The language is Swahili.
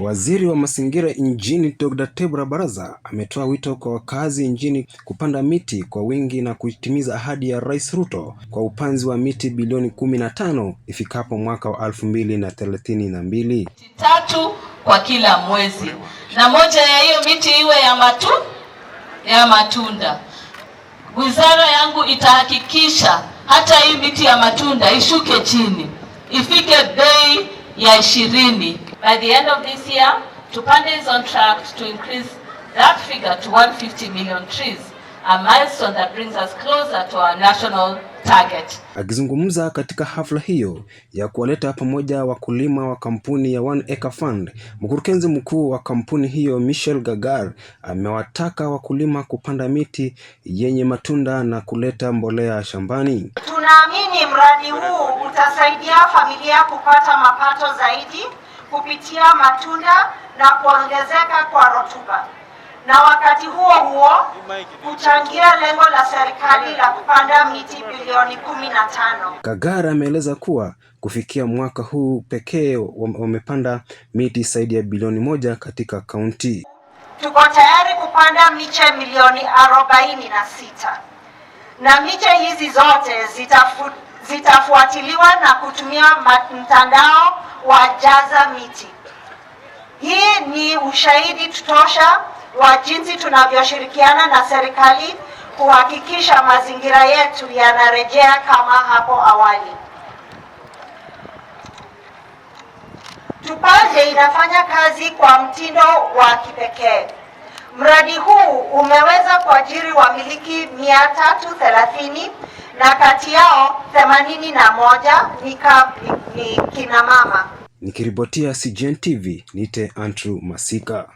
Waziri wa Mazingira nchini Dr. Debora Barasa ametoa wito kwa wakazi nchini kupanda miti kwa wingi na kuitimiza ahadi ya Rais Ruto kwa upanzi wa miti bilioni 15 ifikapo mwaka wa 2032. Tatu kwa kila mwezi. Na moja ya hiyo miti iwe ya matu ya matunda. Wizara yangu itahakikisha hata hii miti ya matunda ishuke chini. Ifike bei ya ishirini By the end of this year, Tupande is on track to increase that figure to 150 million trees, a milestone that brings us closer to our national target. Akizungumza katika hafla hiyo ya kuwaleta pamoja wakulima wa kampuni ya One Acre Fund, mkurugenzi mkuu wa kampuni hiyo Michel Gagar amewataka wakulima kupanda miti yenye matunda na kuleta mbolea shambani. Tunaamini mradi huu utasaidia familia kupata mapato zaidi kupitia matunda na kuongezeka kwa rotuba, na wakati huo huo kuchangia lengo la serikali la kupanda miti bilioni kumi na tano. Kagara ameeleza kuwa kufikia mwaka huu pekee wamepanda miti zaidi ya bilioni moja katika kaunti. Tuko tayari kupanda miche milioni arobaini na sita na miche hizi zote zitafu, zitafuatiliwa na kutumia mtandao wajaza miti. Hii ni ushahidi tosha wa jinsi tunavyoshirikiana na serikali kuhakikisha mazingira yetu yanarejea kama hapo awali. Tupaje inafanya kazi kwa mtindo wa kipekee. Mradi huu umeweza kuajiri wamiliki mia tatu thelathini na kati yao themanini na moja ni, ni kina mama. Nikiripotia CGN TV nite Andrew Masika.